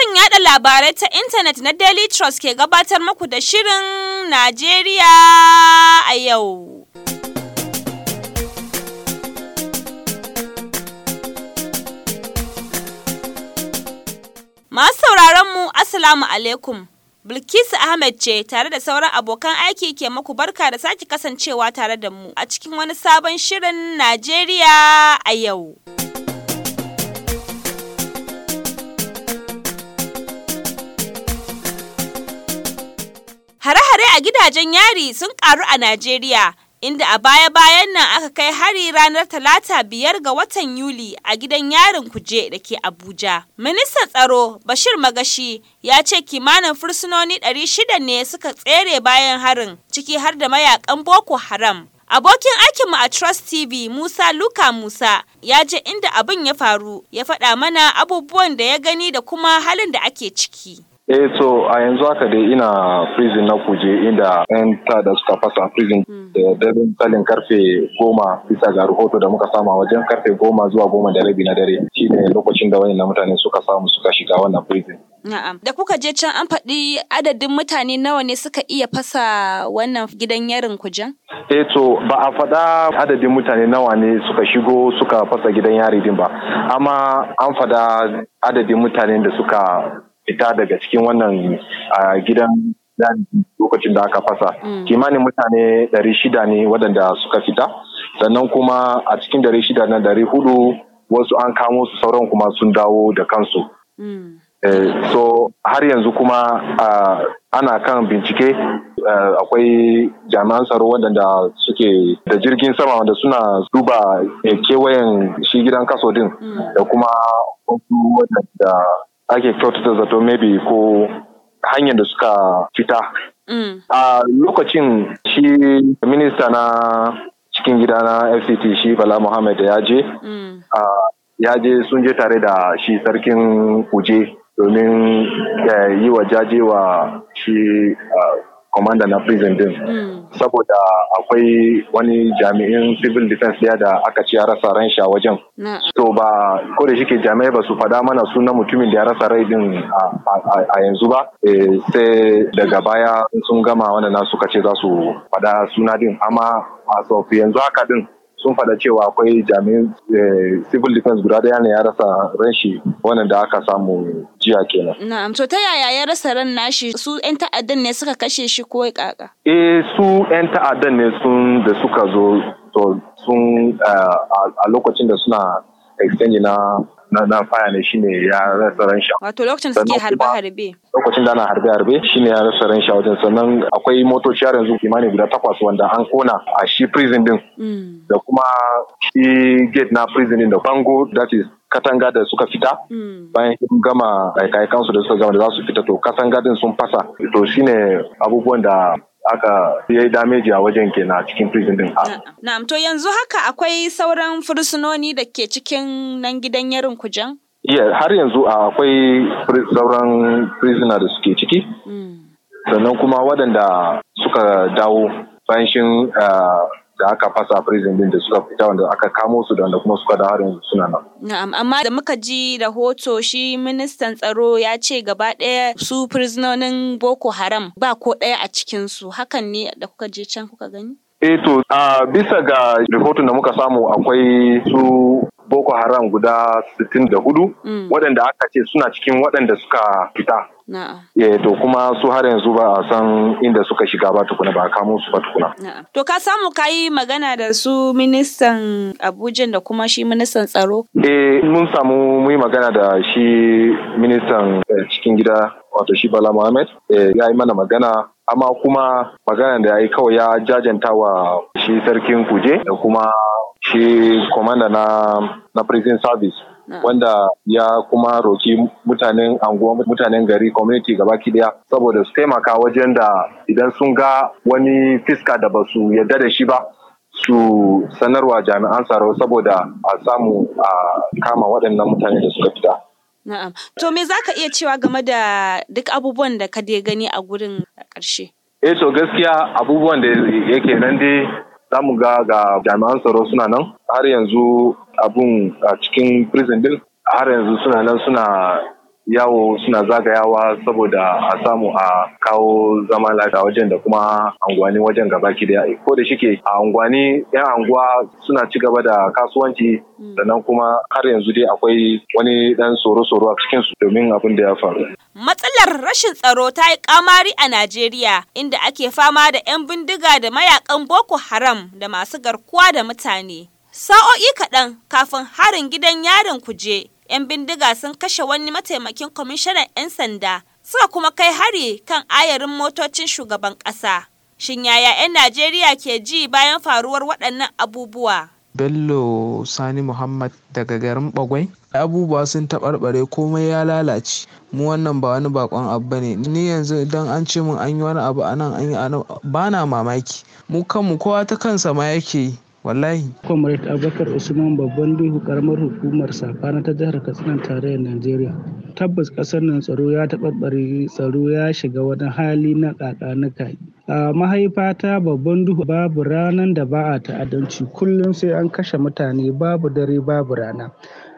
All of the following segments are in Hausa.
Sashen yada labarai ta intanet na Daily Trust ke gabatar muku da Shirin Najeriya a yau. Masu sauraron mu Assalamu alaikum. Bilkisu Ahmed ce tare da sauran abokan aiki ke maku barka da sake kasancewa tare da mu a cikin wani sabon shirin Najeriya a yau. Hare-hare a gidajen yari sun karu a Najeriya, inda a baya-bayan nan aka kai hari ranar Talata biyar ga watan Yuli a gidan yarin kuje da ke Abuja. Ministan tsaro Bashir Magashi ya ce kimanin fursunoni 600 ne suka tsere bayan harin, ciki har da mayakan Boko Haram. Abokin aikinmu a Trust TV Musa Luka Musa ya je inda abin ya faru ya faɗa mana abubuwan da ya gani da kuma halin da ake ciki. eh so a yanzu haka dai ina prison na kuje inda yan da suka fasa prison hmm. da dare misalin karfe goma bisa ga rahoto da muka sama wajen karfe goma zuwa goma da rabi na dare shi ne lokacin da wani na mutane suka samu suka shiga wannan prison Na'am. Da kuka je can an faɗi adadin mutane nawa ne suka iya fasa wannan gidan yarin kujen? Eh to ba a faɗa adadin mutane nawa ne suka shigo suka fasa gidan yari din ba. Amma an faɗa adadin mutanen da suka fita daga cikin wannan a gidan lokacin da aka fasa mm. kimanin mutane dari shida ne waɗanda suka fita sannan kuma a cikin dari shida na dari hudu wasu an kamo su sauran kuma sun dawo da kansu mm. eh, so har yanzu kuma ana kan bincike eh, akwai jami'an tsaro waɗanda suke da jirgin sama wanda suna duba eh, kewayen shi gidan kaso din mm. da kuma wasu waɗanda ake kyautata zato maybe ko hanyar da suka fita. Mm. A lokacin shi minista na cikin gida na FCT shi Bala Muhammad da ya je, mm. ya je sun je tare da shi sarkin kuje domin eh, yi wa jaje wa shi eh, komanda na prison din hmm. saboda akwai wani jami'in civil defense ɗaya da aka ci ya rasa ran shi a wajen To ba ko da shike jami'ai ba su faɗa mana sunan mutumin da ya rasa rai din a yanzu ba eh, sai daga baya sun gama wannan na suka ce za su faɗa suna din amma a yanzu haka din sun faɗa cewa akwai jami'in eh, civil defense guda ɗaya ne ya rasa ran shi wannan da aka samu jiya kenan. Na'am to ta yaya ya rasa ran nashi su 'yan ta'addan ne suka kashe shi ko kaka? Eh su 'yan ta'addan ne sun da suka zo to sun eh, a lokacin da suna exchange na na na faya ne shine ya rasa ran shi wato lokacin suke harbe harbe lokacin da ana harbe harbe shine ya rasa ran shi wajen sannan akwai motoci har yanzu kimani guda takwas wanda an kona a shi prison din mm. da kuma shi gate na prison din da bango that is katanga da suka fita mm. bayan sun gama aikakansu da suka gama da za su fita to katanga din sun fasa to shine abubuwan da aka yi dameji a wajen kenan a cikin prison din ha. Na'am to yanzu haka akwai sauran fursunoni da ke cikin nan gidan yarin kujan? Iya har yanzu akwai sauran prisoner da suke ciki. Mm. Sannan kuma waɗanda suka dawo bayan shin ah, da aka fasa prison din da suka fita wanda aka kamo su da wanda kuma suka da harin suna nan. Na'am amma da muka ji rahoto shi ministan tsaro ya ce gaba ɗaya su prisonin Boko Haram ba ko ɗaya a cikinsu, su hakan ne da kuka je can kuka gani? Eh to a bisa ga rahoton da muka samu akwai su boko haram guda 64 mm. waɗanda aka ce suna cikin waɗanda suka fita eh, to kuma su har yanzu ba a san inda suka shiga ba tukuna ba kamo su ba tukuna. To ka samu ka yi magana da su ministan Abuja da kuma shi ministan tsaro? Eh mun samu mu yi magana da shi ministan eh, cikin gida wato shi Bala Mohammed eh, ya yi mana magana amma kuma magana da ya yi kawai ya jajanta wa shi sarkin kuje da kuma shi komanda na na prison service wanda ya kuma roki mutanen anguwa mutanen gari community gaba daya saboda su taimaka wajen da idan sun ga wani fiska da ba su yarda da shi ba su sanarwa jami'an tsaro saboda a samu a kama waɗannan mutane da suka fita. Na'am. To me za ka iya cewa game da duk abubuwan da ka dai gani a gurin ƙarshe? Eh to gaskiya abubuwan da yake nan dai za mu ga ga jami'an tsaro suna nan har yanzu abun a cikin prison din har yanzu suna nan suna yawo suna zagayawa saboda a samu a kawo zama lafiya wajen da kuma angwani wajen gaba ki da ko da shike a angwani yan anguwa suna ci gaba da kasuwanci mm. sannan kuma har yanzu dai akwai wani dan tsoro-tsoro a cikin su domin abin da ya faru matsalar rashin tsaro ta yi kamari a Najeriya inda ake fama da 'yan bindiga da mayakan Boko Haram da masu garkuwa da mutane sa'o'i kaɗan kafin harin gidan yarin kuje 'yan bindiga sun kashe wani mataimakin kwamishinan 'yan sanda suka kuma kai hari kan ayarin motocin shugaban ƙasa. Shin yaya 'yan Najeriya ke ji bayan faruwar waɗannan abubuwa? Bello Sani Muhammad daga garin Bagwai. Abubuwa sun taɓarɓare komai ya lalace. Mu wannan ba wani bakon abu ne. Ni yanzu idan an ce min an yi wani abu a nan an yi a nan ba na mamaki. Mu kanmu kowa ta kansa ma yake yi. wallahi comrade abubakar usman babban duhu karamar hukumar safana ta jihar katsina tarayyar najeriya tabbas kasar nan tsaro ya taɓarɓare tsaro ya shiga wani hali na na kai a mahaifata babban duhu babu ranar da ba a ta'addanci kullum sai an kashe mutane babu dare babu rana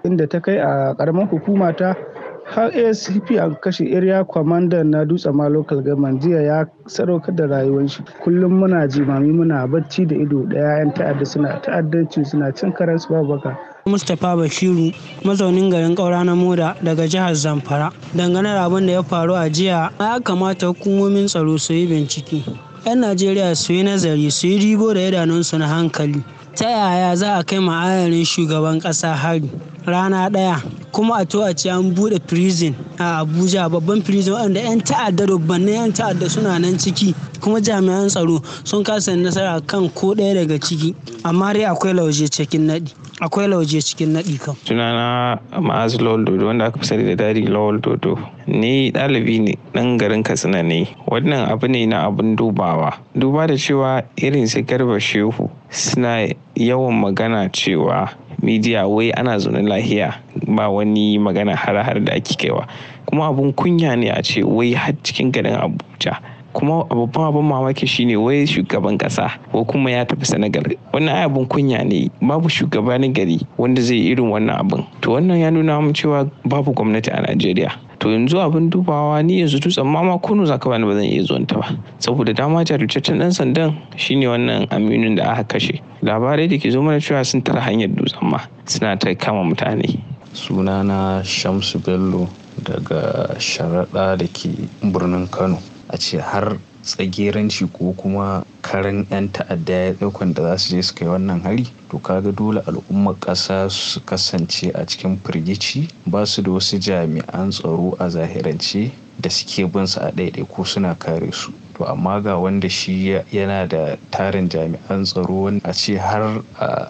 inda ta kai a karamar hukumata har ASCP a kashe area commander na dutse ma local government jiya ya sadaukar da rayuwar shi kullum muna jimami muna bacci da ido daya yan ta'adda suna ta'addanci suna cin karansu babu baka Mustapha Bashiru mazaunin garin Kaura na Moda daga jihar Zamfara. Dangane da abin da ya faru a jiya, ya kamata hukumomin tsaro su yi bincike. 'Yan Najeriya su yi nazari su yi ribo da idanunsu na hankali. ta yaya za a kai ma'ayarin shugaban ƙasa hari rana ɗaya kuma a to a ce an buɗe prison a abuja babban prison wanda 'yan ta'adda dubbannin 'yan ta'adda suna nan ciki kuma jami'an tsaro sun kasa nasara kan ko ɗaya daga ciki amma dai akwai lauje cikin naɗi akwai lauje cikin naɗi kan sunana ma'az lol dodo wanda aka fi sani da dadi lol dodo ne ɗalibi ne ɗan garin katsina ne wannan abu ne na abin dubawa duba da cewa irin su garba shehu suna yawan magana cewa midiya wai ana zaune lahiya ba wani magana har-har da ake kaiwa kuma abun kunya ne a ce wai har cikin garin abuja kuma babban abin mamaki shine wai shugaban kasa ko kuma ya tafi senegal wannan abun kunya ne babu shugaba na gari wanda zai irin wannan abin to wannan ya nuna mu cewa babu gwamnati a najeriya to yanzu abin dubawa ni yanzu dutsen mama kunu zaka bani ba zan iya zuwan ta ba saboda dama jarumtaccen dan sandan shine wannan aminin da aka kashe labarai da ke zo mana cewa sun tara hanyar dutsen ma suna ta kama mutane sunana shamsu bello daga sharaɗa da ke birnin kano a ce har tsageranci ko kuma karin 'yan ta'adda ya daukan da za su je su kai wannan hari to kaga dole al'ummar ƙasa su kasance a cikin firgici ba su da wasu jami'an tsaro a zahirance da suke bin su a ɗaiɗai ko suna kare su to amma ga wanda shi yana da tarin jami'an tsaro a ce har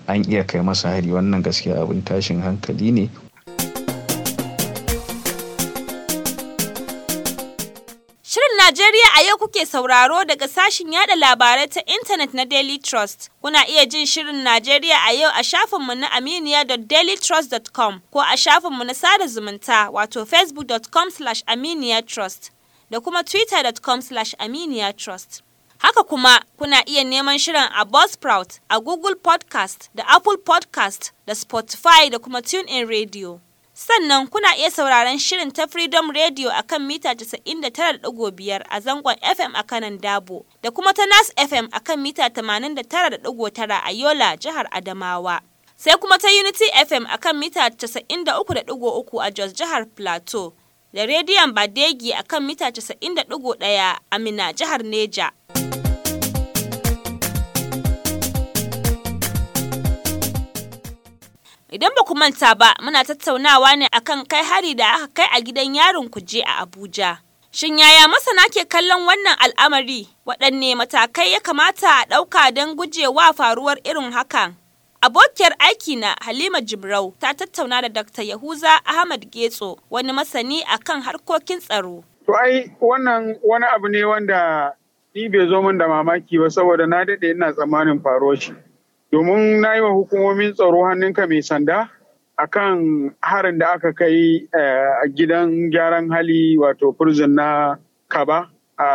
an iya kai masa hari wannan gaskiya abin tashin hankali ne Najeriya a yau kuke sauraro daga sashin yada labarai ta intanet na Daily Trust. Kuna iya jin shirin Najeriya a yau a shafinmu na aminiya.dailytrust.com ko a shafinmu na sada zumunta wato facebook.com slash aminiyatrust da kuma twitter.com slash aminiyatrust. Haka kuma kuna iya neman shirin a Buzzsprout, a Google Podcast, da Apple Podcast, da Spotify da kuma TuneIn Radio. Sannan kuna iya sauraron shirin ta Freedom Radio a kan mita 99.5 a zangon FM a kanan Dabo, da kuma ta Nas FM a kan mita 89.9 a Yola, jihar Adamawa. Sai kuma ta Unity FM a kan mita 93.3 a Jos jihar Plateau, da Rediyon Badegi a kan mita 90.1 a Mina jihar Neja. Idan ba ku manta ba, muna tattaunawa ne akan kai hari da aka kai a gidan yarin kuje a Abuja. Shin yaya masana ke kallon wannan al'amari? Waɗanne matakai ya kamata a ɗauka don gujewa faruwar irin hakan? Abokiyar aiki na Halima Jibrau ta tattauna da Dr. Yahuza Ahmad Getso, wani masani akan harkokin tsaro. To ai wannan wani abu ne wanda ni bai zo min da mamaki ba saboda na daɗe ina tsammanin faruwar shi. domin na yi wa hukumomin tsaro hannunka mai sanda a kan harin da aka kai eh, a gidan gyaran hali wato prison na kaba a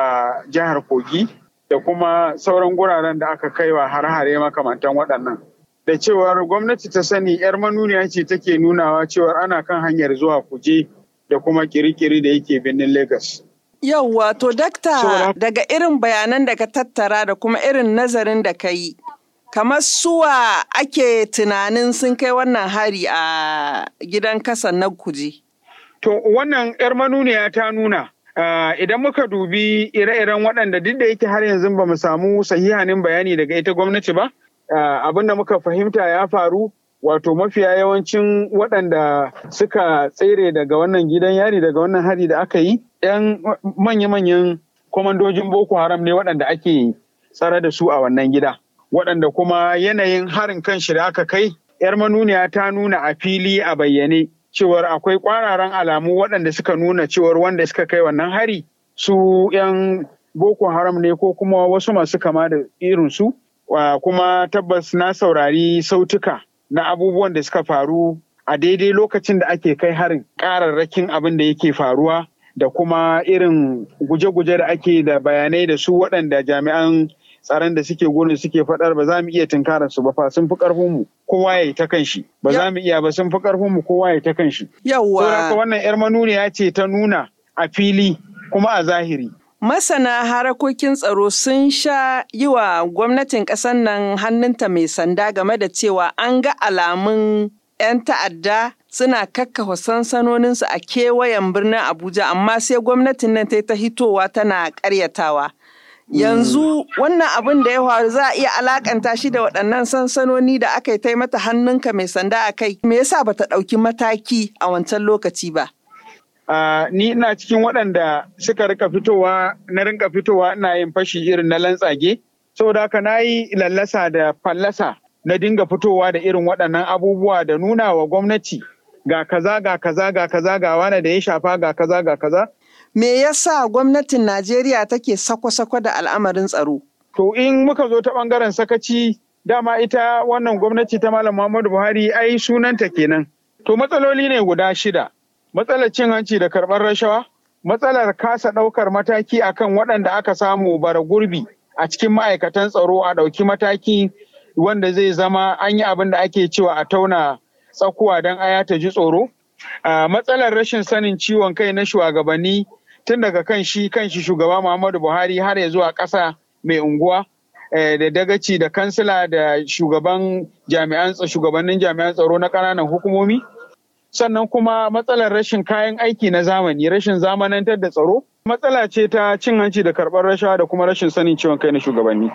jihar kogi da kuma sauran guraren da aka kai wa har-hare makamantan waɗannan da cewar gwamnati ta sani 'yar manuniya ce take nunawa cewar ana kan hanyar zuwa kuje da kuma kirikiri da yake birnin lagos yauwa to dakta daga irin bayanan da ka tattara da kuma irin nazarin da ka yi kamar suwa ake tunanin sun kai wannan hari a gidan kasan na kuje. To wannan 'yar manuniya ta nuna. Ah, idan muka dubi ire-iren waɗanda duk da yake har yanzu ba mu samu sahihanin bayani daga ita gwamnati ba, ah, abin da muka fahimta ya faru wato mafiya yawancin waɗanda suka tsere daga wannan gidan yari daga wannan hari da aka yi, 'yan manya-manyan kwamandojin Boko Haram ne waɗanda ake tsare da su a wannan gida. waɗanda kuma yanayin harin kan shi da aka kai yar manuniya ta nuna a fili a bayyane cewar akwai kwararan alamu waɗanda suka nuna cewar wanda suka kai wannan hari su 'yan boko haram ne ko kuma wasu masu kama da irinsu kuma tabbas na saurari sautuka na abubuwan da suka faru a daidai lokacin da ake kai harin ƙararrakin abin da yake faruwa da kuma irin guje-guje da ake da bayanai da su waɗanda jami'an tsaron da suke gona suke faɗar ba za mu iya tunkarar su ba fa sun fi karfin mu kowa yayi ta kan shi ba za mu iya ba sun fi karfin mu kowa yayi ta kan shi yawa wannan yar manuniya ce ta nuna a fili kuma a zahiri Masana harakokin tsaro sun sha yi wa gwamnatin ƙasar nan hannunta mai sanda game da cewa an ga alamun 'yan ta'adda suna kakkafa sansanoninsu a kewayen birnin Abuja amma sai gwamnatin nan ta yi ta hitowa tana ƙaryatawa. Yanzu mm. wannan abin da ya faru za a iya alakanta shi da waɗannan sansanoni da aka yi mata hannunka mai sanda a kai. Me yasa bata ɗauki mataki a wancan lokaci ba? ni ina cikin waɗanda suka rika fitowa na rinka fitowa ina yin fashi irin na lantsage. Saboda haka na yi lallasa da fallasa na dinga fitowa da irin waɗannan abubuwa da nuna wa gwamnati ga kaza ga kaza ga kaza ga wane da ya shafa ga kaza ga kaza. Me yasa gwamnatin Najeriya take sako-sako da al'amarin tsaro? To in muka zo ta ɓangaren sakaci dama ita wannan gwamnati ta Malam Muhammadu Buhari ai sunanta kenan. To matsaloli ne guda shida. Matsalar cin hanci da karɓar rashawa, matsalar kasa ɗaukar mataki akan waɗanda aka samu bara gurbi a cikin ma'aikatan tsaro a ɗauki mataki wanda zai zama an yi abin da ake cewa a tauna tsakuwa don aya ta ji tsoro. Ah, matsalar rashin sanin ciwon kai na shugabanni tun daga kan shi kan shi shugaba muhammadu buhari har ya zuwa ƙasa mai unguwa eh, da dagaci da kansila da shugaban jami'an shugabannin jami'an tsaro na ƙananan hukumomi sannan kuma matsalar rashin kayan aiki na zamani rashin zamanantar da tsaro matsala ce ta cin hanci da karɓar rashawa da kuma rashin sanin ciwon kai na shugabanni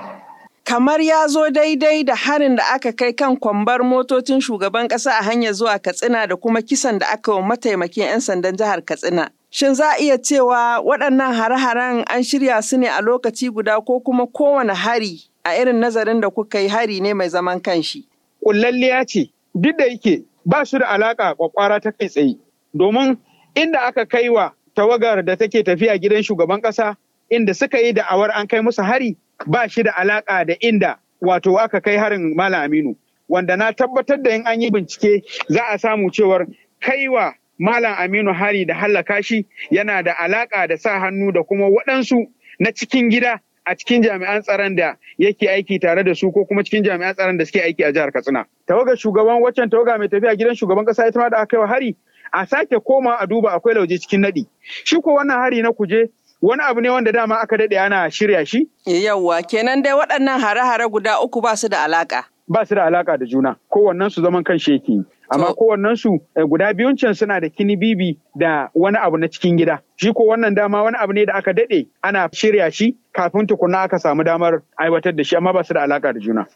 kamar ya zo daidai da harin da aka kai kan kwambar motocin shugaban ƙasa a hanyar zuwa katsina da kuma kisan da aka wa mataimakin 'yan sandan jihar katsina Shin za a iya cewa waɗannan hare-haren an shirya su ne a lokaci guda ko kuma kowane hari a irin nazarin da kuka yi hari ne mai zaman kanshi? Kullalliya ce, duk da yake ba su da alaƙa kwakwara ta kai tsaye. Domin inda aka kai wa tawagar da take tafiya gidan shugaban ƙasa inda suka yi da'awar an kai musu hari ba shi da alaƙa da inda wato aka kai harin Malam Aminu. Wanda na tabbatar da in an yi bincike za a samu cewar kaiwa Malam Aminu Hari da hallaka shi yana da alaƙa da sa hannu da kuma waɗansu na cikin gida a cikin jami'an tsaron da yake aiki tare da su ko kuma cikin jami'an tsaron da suke aiki a jihar Katsina. Tawagar shugaban waccan tawaga mai tafiya gidan shugaban ƙasa ita ma da aka yi wa hari a sake koma a duba akwai lauje cikin naɗi. Shi ko wannan hari na kuje wani abu ne wanda dama aka daɗe ana shirya shi? Yawwa kenan dai waɗannan hare-hare guda uku ba su da alaƙa. Ba su da alaƙa da juna, kowannen su zaman kan sheki. amma kowannen su eh, guda biyun can suna da kini bibi da wani abu na cikin gida shi ko wannan dama wani abu ne da aka dade ana shirya shi kafin tukuna aka samu damar aiwatar da shi amma ba su da alaka da juna.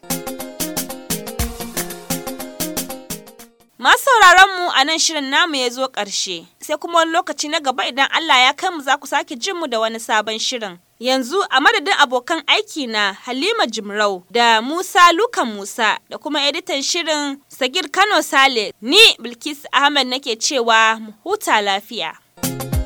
Masu sauraron mu a nan shirin namu ya zo ƙarshe, sai kuma wani lokaci na gaba idan Allah ya kai mu za ku sake jin mu da wani sabon shirin. Yanzu a madadin abokan aiki na Halima Jimrau da Musa Luka Musa da kuma editan shirin Sagir Kano Sale ni Bilkis Ahmed nake cewa mu huta lafiya.